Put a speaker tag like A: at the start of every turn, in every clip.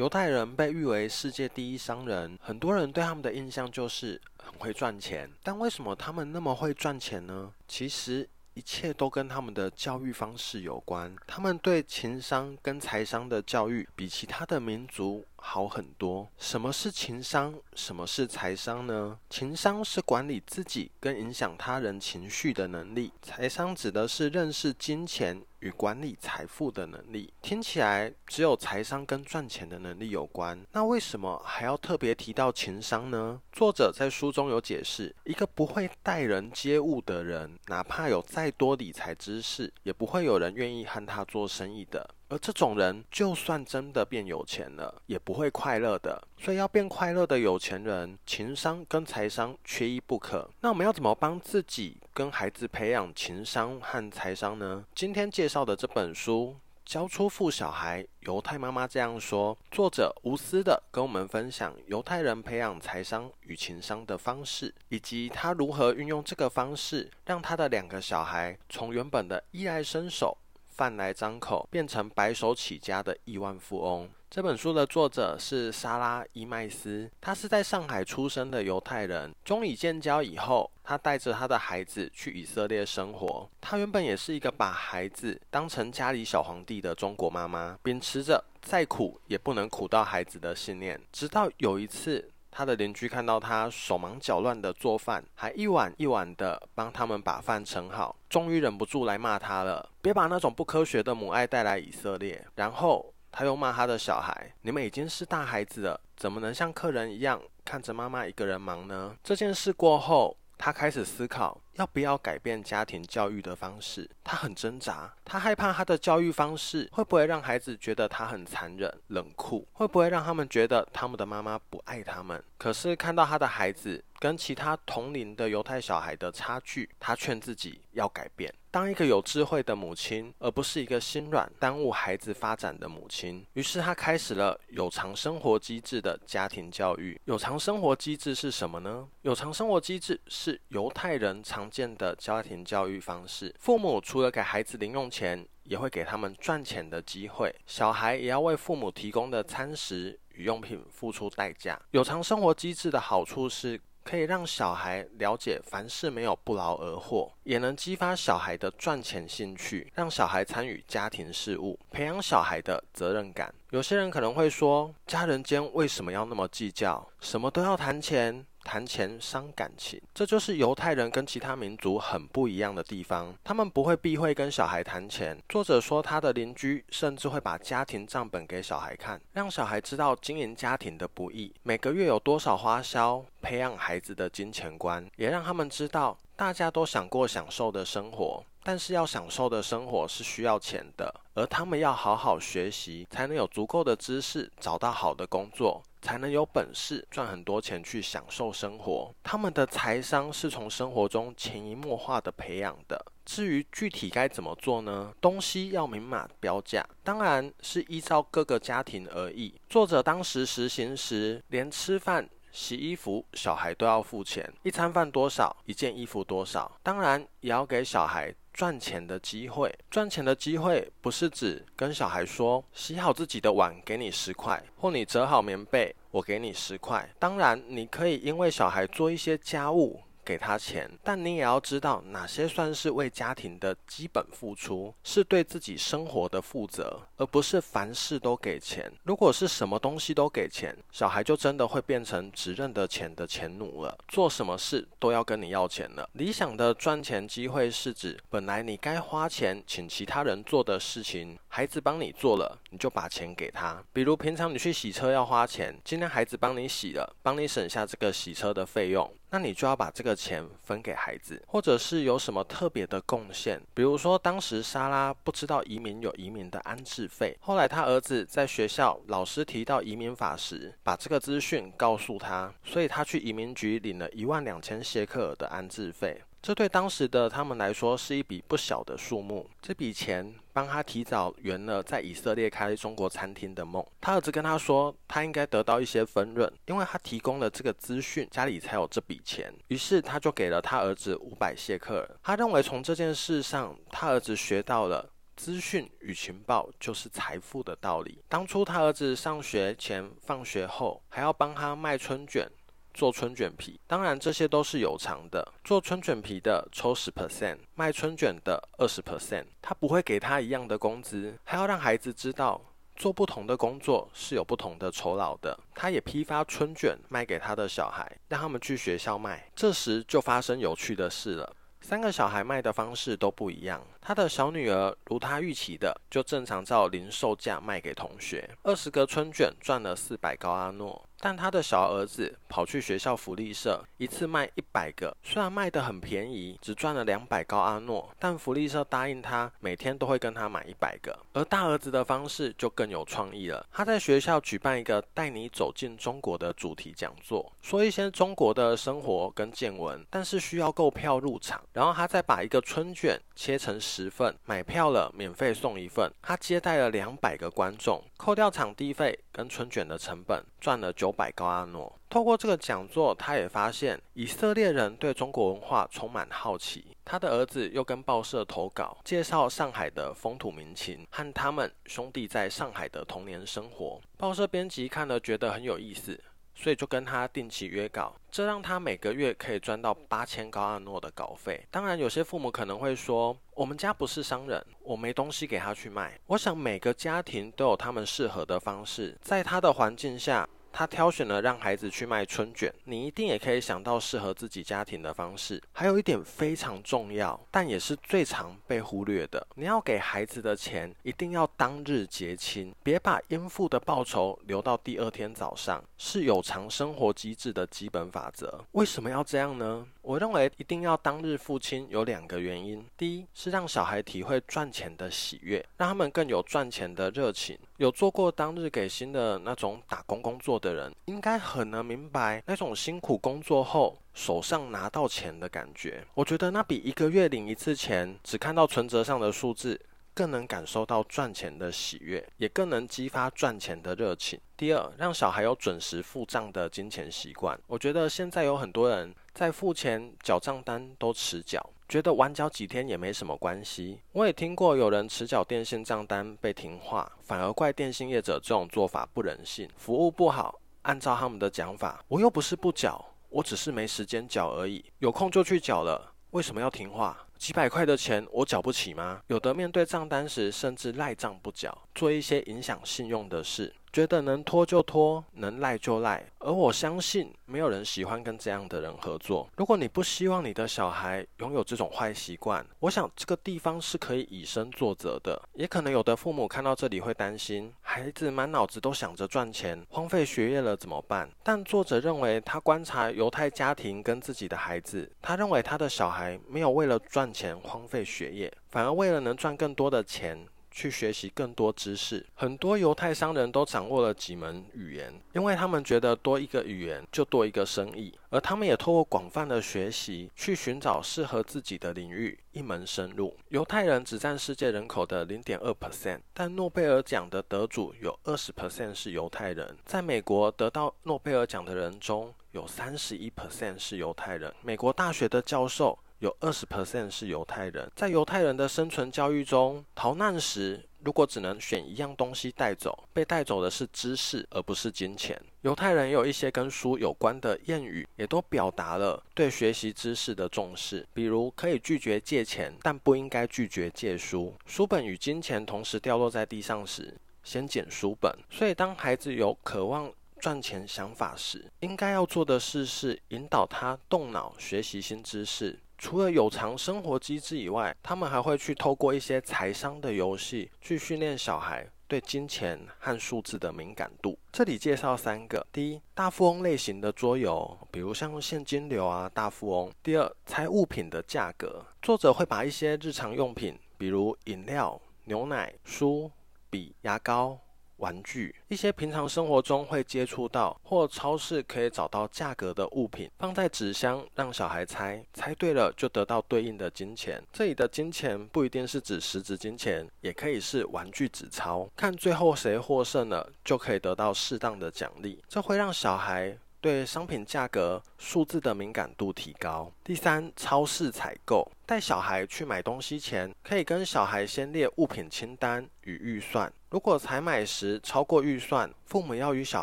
A: 猶太人被譽為世界第一商人，很多人對他們的印象就是很會賺錢。但為什麼他們那麼會賺錢呢？其實一切都跟他們的教育方式有關。他們對情商跟財商的教育比其他的民族。好很多。什麼是情商，什麼是財商呢？情商是管理自己跟影響他人情緒的能力，財商指的是認識金錢與管理財富的能力。聽起來只有財商跟賺錢的能力有關，那為什麼還要特別提到情商呢？作者在書中有解釋：一個不會待人接物的人，哪怕有再多理財知識，也不會有人願意和他做生意的。而這種人，就算真的變有錢了，也不會快樂的。所以，要變快樂的有錢人，情商跟財商缺一不可。那我們要怎麼幫自己跟孩子培養情商和財商呢？今天介紹的這本書《教出富小孩》，猶太媽媽這樣說，作者無私地跟我們分享猶太人培養財商與情商的方式，以及他如何運用這個方式，讓他的兩個小孩從原本的依賴伸手，飯來張口，變成白手起家的億萬富翁。這本書的作者是莎拉·伊麥斯，她是在上海出生的猶太人。中以建交以後，她帶着她的孩子去以色列生活。她原本也是一個把孩子當成家裡小皇帝的中國媽媽，秉持着再苦也不能苦到孩子的信念。直到有一次。他的鄰居看到他手忙腳亂的做飯，還一碗一碗的幫他們把飯盛好，終於忍不住來罵他了：“別把那種不科學的母愛帶來以色列。”然後他又罵他的小孩：“你們已經是大孩子了，怎麼能像客人一樣看着媽媽一個人忙呢？”這件事過後。他開始思考要不要改變家庭教育的方式，他很掙扎，他害怕他的教育方式會不會讓孩子覺得他很殘忍冷酷，會不會讓他們覺得他們的媽媽不愛他們？可是看到他的孩子跟其他同齡的猶太小孩的差距，他勸自己要改變。當一個有智慧的母親，而不是一個心軟耽誤孩子發展的母親。於是，她開始了有償生活機制的家庭教育。有償生活機制是什麼呢？有償生活機制是猶太人常見的家庭教育方式。父母除了給孩子零用錢，也會給他們賺錢的機會。小孩也要為父母提供的餐食與用品付出代價。有償生活機制的好處是，可以讓小孩了解凡事沒有不勞而獲，也能激發小孩的賺錢興趣，讓小孩參與家庭事務，培養小孩的責任感。有些人可能會說，家人間為什麼要那麼計較，什麼都要談錢？談錢傷感情，這就是猶太人跟其他民族很不一樣的地方。他們不會避諱跟小孩談錢。作者說，他的鄰居甚至會把家庭賬本給小孩看，讓小孩知道經營家庭的不易，每個月有多少花銷，培養孩子的金錢觀，也讓他們知道大家都想過享受的生活。但是要享受的生活是需要錢的，而他們要好好學習，才能有足夠的知識，找到好的工作，才能有本事賺很多錢去享受生活。他們的財商是從生活中潛移默化的培養的。至於具體該怎麼做呢？東西要明碼標價，當然是依照各個家庭而異。作者當時實行時，連吃飯。洗衣服，小孩都要付錢。一餐飯多少？一件衣服多少？當然也要給小孩賺錢的機會。賺錢的機會不是指跟小孩說，洗好自己的碗給你十塊，或你折好棉被我給你十塊。當然，你可以因為小孩做一些家務。給他錢，但你也要知道哪些算是為家庭的基本付出，是對自己生活的負責，而不是凡事都給錢。如果是什麼東西都給錢，小孩就真的會變成只認得錢的錢奴了，做什麼事都要跟你要錢了。理想的賺錢機會是指，本來你該花錢請其他人做的事情，孩子幫你做了，你就把錢給他。比如平常你去洗車要花錢，今天孩子幫你洗了，幫你省下這個洗車的費用。那你就要把這個錢分給孩子，或者是有什麼特別的貢獻，比如說當時莎拉不知道移民有移民的安置費，後來他兒子在學校老師提到移民法時，把這個資訊告訴他，所以他去移民局領了一萬兩千謝克爾的安置費。這對當時的他們來說是一筆不小的數目。這筆錢幫他提早圓了在以色列開中國餐廳的夢。他兒子跟他說，他應該得到一些分潤，因為他提供了這個資訊，家裡才有這筆錢。於是他就給了他兒子五百謝克爾。他認為從這件事上，他兒子學到了資訊與情報就是財富的道理。當初他兒子上學前，放學後還要幫他賣春捲。做春卷皮，當然這些都是有償的。做春卷皮的抽十 percent，賣春卷的二十 percent。他不會給他一樣的工資，還要讓孩子知道做不同的工作是有不同的酬勞的。他也批發春卷賣給他的小孩，讓他們去學校賣。這時就發生有趣的事了。三個小孩賣的方式都不一樣。他的小女兒如他預期的，就正常照零售價賣給同學。二十個春卷賺了四百高阿諾。但他的小兒子跑去學校福利社，一次賣一百個，雖然賣得很便宜，只賺了兩百高阿諾，但福利社答應他每天都會跟他買一百個。而大兒子的方式就更有創意了，他在學校舉辦一個“帶你走進中國”的主題講座，說一些中國的生活跟見聞，但是需要購票入場。然後他再把一個春卷切成十份，買票了免費送一份。他接待了兩百個觀眾，扣掉場地費跟春卷的成本，賺了九。百高阿諾，透過這個講座，他也發現以色列人對中國文化充滿好奇。他的兒子又跟報社投稿，介紹上海的風土民情和他們兄弟在上海的童年生活。報社編輯看了覺得很有意思，所以就跟他定期約稿，這讓他每個月可以賺到八千高阿諾的稿費。當然，有些父母可能會說：“我們家不是商人，我沒東西給他去賣。”我想每個家庭都有他們適合的方式，在他的環境下。他挑選了讓孩子去賣春卷，你一定也可以想到適合自己家庭的方式。還有一點非常重要，但也是最常被忽略的：你要給孩子的錢一定要當日結清，別把應付的報酬留到第二天早上，是有償生活機制的基本法則。為什麼要這樣呢？我認為一定要當日付清有兩個原因：第一，是讓小孩體會賺錢的喜悅，讓他們更有賺錢的熱情。有做過當日給薪的那種打工工作的人，應該很能明白那種辛苦工作後手上拿到錢的感覺。我覺得那比一個月領一次錢，只看到存摺上的數字。更能感受到賺錢的喜悅，也更能激發賺錢的熱情。第二，讓小孩有準時付賬的金錢習慣。我覺得現在有很多人在付錢、繳賬單都遲繳，覺得晚繳幾天也沒什麼關係。我也聽過有人遲繳電信賬單被停話，反而怪電信業者這種做法不人性，服務不好。按照他們的講法，我又不是不繳，我只是沒時間繳而已，有空就去繳了。為什麼要停話？幾百塊的錢我繳不起嗎？有的面對賬單時甚至賴賬不繳，做一些影響信用的事。覺得能拖就拖，能賴就賴，而我相信沒有人喜歡跟這樣的人合作。如果你不希望你的小孩擁有這種壞習慣，我想這個地方是可以以身作則的。也可能有的父母看到這裡會擔心，孩子滿腦子都想着賺錢，荒廢學業了怎麼辦？但作者認為，他觀察猶太家庭跟自己的孩子，他認為他的小孩沒有為了賺錢荒廢學業，反而為了能賺更多的錢。去學習更多知識。很多猶太商人都掌握了幾門語言，因為他們覺得多一個語言就多一個生意。而他們也透過廣泛的學習去尋找適合自己的領域，一門深入。猶太人只占世界人口的零點二 percent，但諾貝爾獎的得主有二十 percent 是猶太人。在美國得到諾貝爾獎的人中有三十一 percent 是猶太人。美國大學的教授。有二十 percent 是猶太人，在猶太人的生存教育中，逃難時如果只能選一樣東西帶走，被帶走的是知識，而不是金錢。猶太人有一些跟書有關的諺語，也都表達了對學習知識的重視，比如可以拒絕借錢，但不應該拒絕借書。書本與金錢同時掉落在地上時，先撿書本。所以，當孩子有渴望賺錢想法時，應該要做的事是引導他動腦學習新知識。除了有償生活機製以外，他們還會去透過一些財商的遊戲，去訓練小孩對金錢和數字的敏感度。這裡介紹三個：第一，大富翁類型的桌遊，比如像現金流啊、大富翁；第二，猜物品的價格。作者會把一些日常用品，比如飲料、牛奶、書、筆、牙膏。玩具，一些平常生活中會接觸到或超市可以找到價格的物品，放在紙箱，讓小孩猜，猜對了就得到對應的金錢。這裡的金錢不一定是指實質金錢，也可以是玩具紙鈔。看最後誰獲勝了，就可以得到適當的獎勵。這會讓小孩。對商品價格數字的敏感度提高。第三，超市採購，帶小孩去買東西前，可以跟小孩先列物品清單與預算。如果採買時超過預算，父母要與小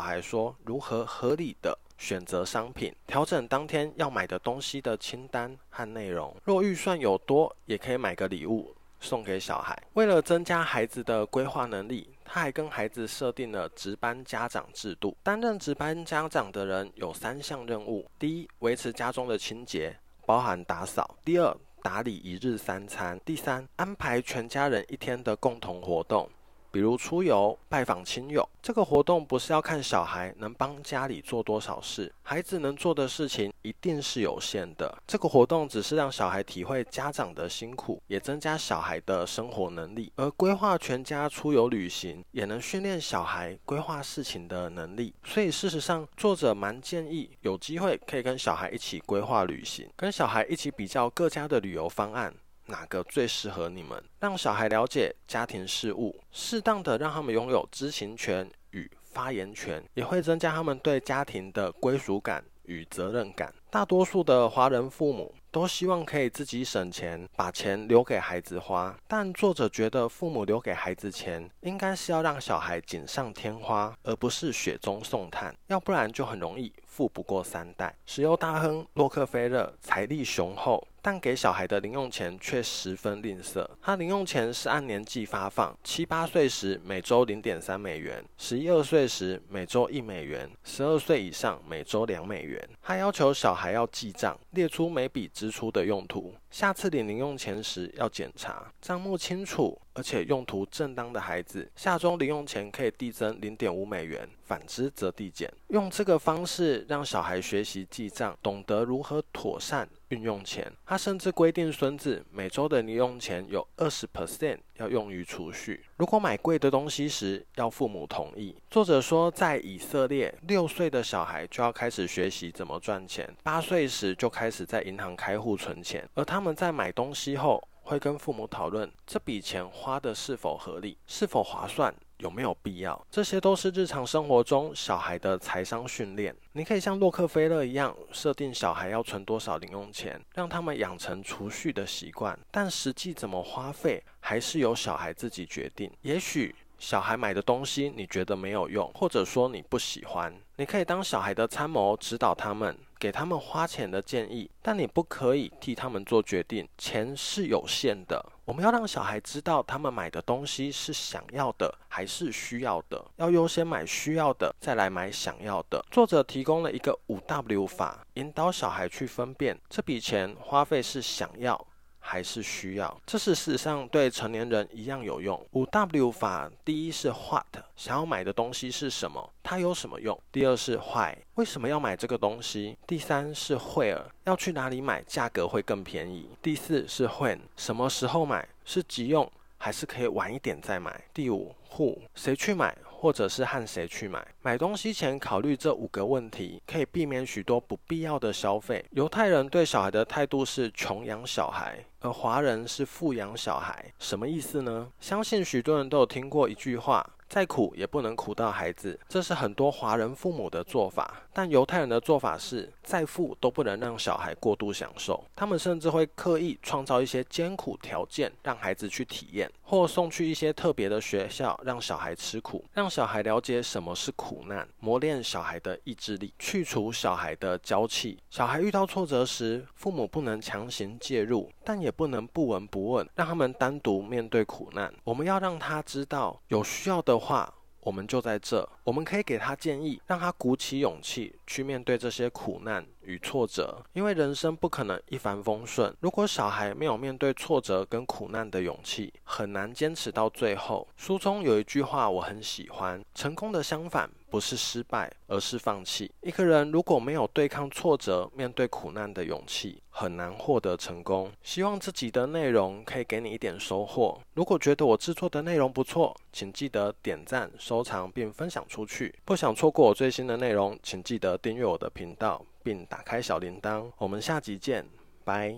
A: 孩說如何合理的選擇商品，調整當天要買的東西的清單和內容。若預算有多，也可以買個禮物送給小孩。為了增加孩子的規劃能力。他還跟孩子設定了值班家長制度，擔任值班家長的人有三項任務：第一，維持家中的清潔，包含打掃；第二，打理一日三餐；第三，安排全家人一天的共同活動。比如出遊、拜訪親友，這個活動不是要看小孩能幫家裡做多少事，孩子能做的事情一定是有限的。這個活動只是讓小孩體會家長的辛苦，也增加小孩的生活能力。而規劃全家出遊旅行，也能訓練小孩規劃事情的能力。所以事實上，作者蠻建議有機會可以跟小孩一起規劃旅行，跟小孩一起比較各家的旅遊方案。哪個最適合你們？讓小孩了解家庭事務，適當的讓他們擁有知情權與發言權，也會增加他們對家庭的歸屬感與責任感。大多數的華人父母都希望可以自己省錢，把錢留給孩子花。但作者覺得，父母留給孩子錢，應該是要讓小孩錦上添花，而不是雪中送炭，要不然就很容易。富不過三代。石油大亨洛克菲勒財力雄厚，但給小孩的零用錢卻十分吝嗇。他零用錢是按年紀發放：七八歲時每周零點三美元，十一二歲時每周一美元，十二歲以上每周兩美元。他要求小孩要記賬，列出每筆支出的用途，下次領零用錢時要檢查賬目清楚。而且用途正當的孩子，下周零用錢可以遞增零點五美元，反之則遞減。用這個方式讓小孩學習記賬，懂得如何妥善運用錢。他甚至規定孫子每周的零用錢有20%要用於儲蓄，如果買貴的東西時要父母同意。作者說，在以色列，六歲的小孩就要開始學習怎麼賺錢，八歲時就開始在銀行開戶存錢，而他們在買東西後，會跟父母討論這筆錢花的是否合理，是否划算，有沒有必要，這些都是日常生活中小孩的財商訓練。你可以像洛克菲勒一樣，設定小孩要存多少零用錢，讓他們養成儲蓄的習慣。但實際怎麼花費，還是由小孩自己決定。也許小孩買的東西你覺得沒有用，或者說你不喜歡。你可以當小孩的參謀，指導他們，給他們花錢的建議，但你不可以替他們做決定。錢是有限的，我們要讓小孩知道，他們買的東西是想要的還是需要的，要優先買需要的，再來買想要的。作者提供了一個五 W 法，引導小孩去分辨這筆錢花費是想要，還是需要，這是事實上對成年人一樣有用。五 W 法，第一是 What，想要買的東西是什麼，它有什麼用？第二是 Why，為什麼要買這個東西？第三是 Where，要去哪裡買，價格會更便宜？第四是 When，什麼時候買，是急用還是可以晚一點再買？第五，Who，誰去買？或者是和誰去買？買東西前考慮這五個問題，可以避免許多不必要的消費。猶太人對小孩的態度是窮養小孩，而華人是富養小孩。什麼意思呢？相信許多人都有聽過一句話：再苦也不能苦到孩子。這是很多華人父母的做法。但猶太人的做法是，再富都不能讓小孩過度享受。他們甚至會刻意創造一些艱苦條件，讓孩子去體驗，或送去一些特別的學校，讓小孩吃苦，讓小孩了解什麼是苦難，磨練小孩的意志力，去除小孩的嬌氣。小孩遇到挫折時，父母不能強行介入，但也不能不聞不問，讓他們單獨面對苦難。我們要讓他知道，有需要的話。.我們就在這，我們可以給他建議，讓他鼓起勇氣去面對這些苦難，與挫折，因為人生不可能一帆風順。如果小孩沒有面對挫折跟苦難的勇氣，很難堅持到最後。書中有一句話我很喜歡：成功的相反不是失敗，而是放棄。一個人如果沒有對抗挫折、面對苦難的勇氣，很難獲得成功。希望自己的內容可以給你一點收穫。如果覺得我製作的內容不錯，請記得點讚、收藏並分享出去。不想錯過我最新的內容，請記得訂閱我的頻道。並打開小鈴鐺，我們下集見，拜。